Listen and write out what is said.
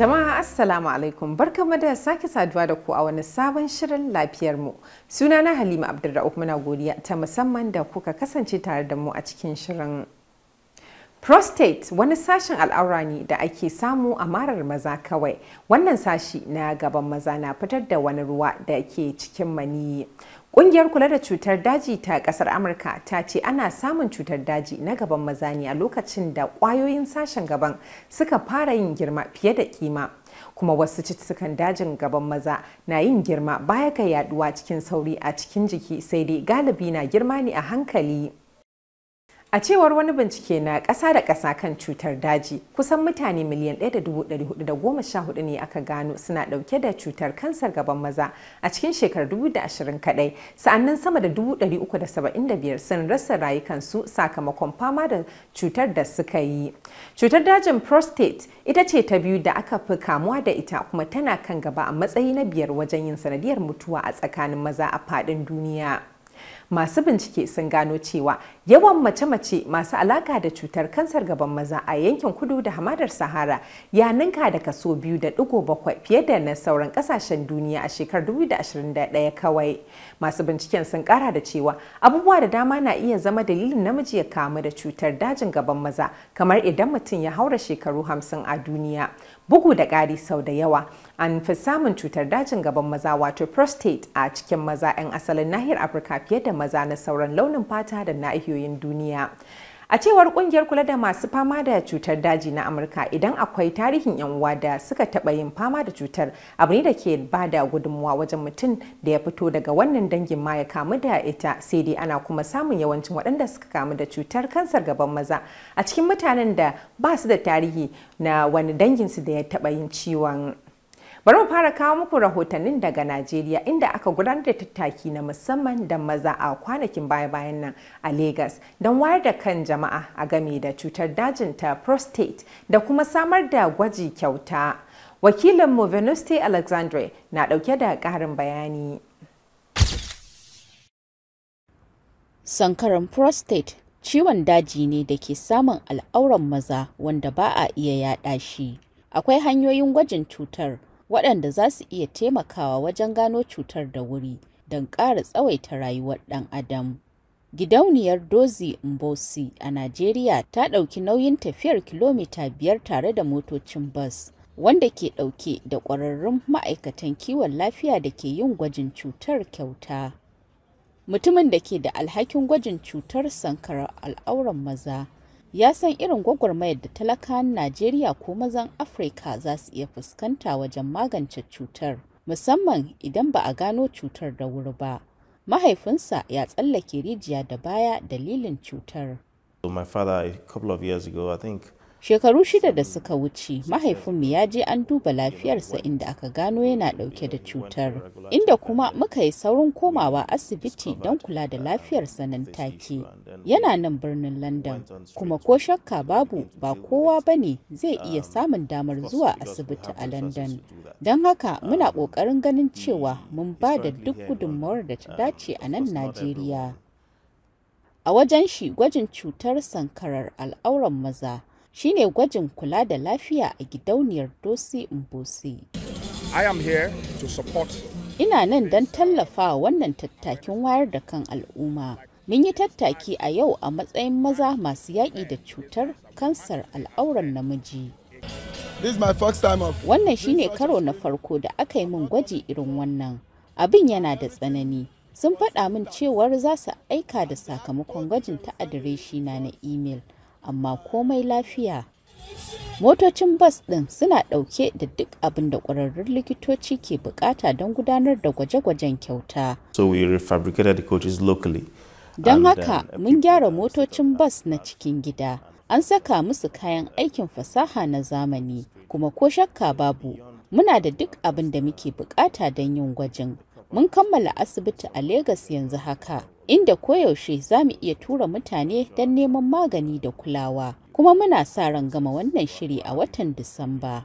Jama'a Assalamu alaikum barkamu da sake saduwa da ku a wani sabon shirin lafiyar mu. Sunana Halima Abdulra'uf muna godiya ta musamman da kuka kasance tare da mu a cikin shirin. prostate wani sashen al'aura ne da ake samu a marar maza kawai wannan sashi na gaban maza na fitar da wani ruwa da ke cikin maniyi Ƙungiyar kula da cutar daji ta ƙasar Amurka ta ce ana samun cutar daji na gaban maza ne a lokacin da ƙwayoyin sashen gaban suka fara yin girma fiye da kima. Kuma wasu cutukan dajin gaban maza na yin girma baya ga yaduwa cikin sauri a cikin jiki sai dai galibi na girma ne a hankali. A cewar wani bincike na ƙasa da ƙasa kan cutar daji, kusan mutane miliyan 1,414 ne aka gano suna ɗauke da cutar kansar gaban maza a cikin shekarar 2020 kaɗai, sa'annan sama da 375 sun rasa rayukansu sakamakon fama da cutar da suka yi. Cutar dajin prostate ita ce ta biyu da aka fi kamuwa da ita kuma tana kan gaba a matsayi na biyar wajen yin sanadiyar mutuwa a tsakanin maza a faɗin duniya. masu bincike sun gano cewa Yawan mace-mace masu alaka da cutar kansar gaban maza a yankin kudu da hamadar Sahara ya ninka da kaso biyu da digo bakwai fiye da na sauran kasashen duniya a shekarar 2021 kawai. Masu binciken sun kara da cewa abubuwa da dama na iya zama dalilin namiji ya kamu da cutar dajin gaban maza kamar idan mutum ya haura shekaru 50 a duniya. Bugu da ƙari sau da yawa an fi samun cutar dajin gaban maza wato prostate a cikin maza 'yan asalin nahiyar Afirka fiye da maza na sauran launin fata da nahiyoyi ƙungiyoyin duniya. A cewar ƙungiyar kula da masu fama da cutar daji na Amurka idan akwai tarihin 'yan uwa da suka taɓa yin fama da cutar abu ne da ke ba da gudunmuwa wajen mutum da ya fito daga wannan dangin ma ya kamu da ita sai dai ana kuma samun yawancin waɗanda suka kamu da cutar kansar gaban maza a cikin mutanen da ba su da tarihi na wani danginsu da ya taɓa yin ciwon Bari mu fara kawo muku rahotannin daga Najeriya inda aka gudanar da tattaki na musamman da maza a kwanakin baya-bayan nan a lagos don wayar da kan jama'a a game da cutar dajin ta prostate da kuma samar da gwaji kyauta. Wakilinmu Venuste Alexandre na dauke da karin bayani. Sankaran prostate ciwon daji ne da ke samun al'auran maza wanda ba a iya yada shi. Akwai hanyoyin gwajin cutar waɗanda za su iya taimakawa wajen gano cutar da wuri don ƙara tsawaita rayuwar ɗan adam. Gidauniyar Dozi Mbosi a Najeriya ta ɗauki nauyin tafiyar kilomita biyar tare da motocin bas, wanda ke ɗauke da ƙwararrun ma'aikatan kiwon lafiya da ke yin gwajin cutar kyauta. Mutumin da ke da alhakin gwajin cutar sankarar al'auran maza ya san irin gwagwarmayar da talakan najeriya ko mazan afirka za su iya fuskanta wajen magance cutar musamman idan ba a gano cutar da wuri ba mahaifinsa ya tsallake rijiya da baya dalilin cutar my father a couple of years ago i think Shekaru shida da suka wuce mahaifinmu ya je an duba lafiyarsa inda aka gano yana dauke da cutar, inda kuma muka yi saurin komawa asibiti don kula da lafiyarsa nan take. Yana nan birnin London, kuma ko shakka babu ba kowa ba ne zai iya samun damar zuwa asibiti a London. Don haka muna ƙoƙarin ganin cewa mun ba da duk gudunmawar da ta dace a nan Najeriya. A wajen shi gwajin cutar sankarar al'auran maza shine gwajin kula da lafiya a gidauniyar Dosi Mbosi. I am here to support. Ina nan don tallafa wannan tattakin wayar da kan al'umma. Mun yi tattaki a yau a matsayin maza masu yaƙi da cutar kansar al'auran namiji. Wannan shine karo na farko da aka yi min gwaji irin wannan. Abin yana da tsanani. Sun faɗa min cewar za su aika da sakamakon gwajin ta adireshi na na imel. amma komai lafiya. Motocin bas ɗin suna ɗauke da duk abin da ƙwararrun likitoci ke bukata don gudanar da gwaje-gwajen kyauta. So we refabricated the coaches locally. Don haka uh, mun gyara motocin bas na cikin gida. An saka musu kayan aikin fasaha na zamani kuma ko shakka babu muna da duk abin da muke bukata don yin gwajin. Mun kammala asibiti a Legas yanzu haka. inda koyaushe za mu iya tura mutane don neman magani da kulawa. Kuma muna sa ran gama wannan shiri a watan Disamba.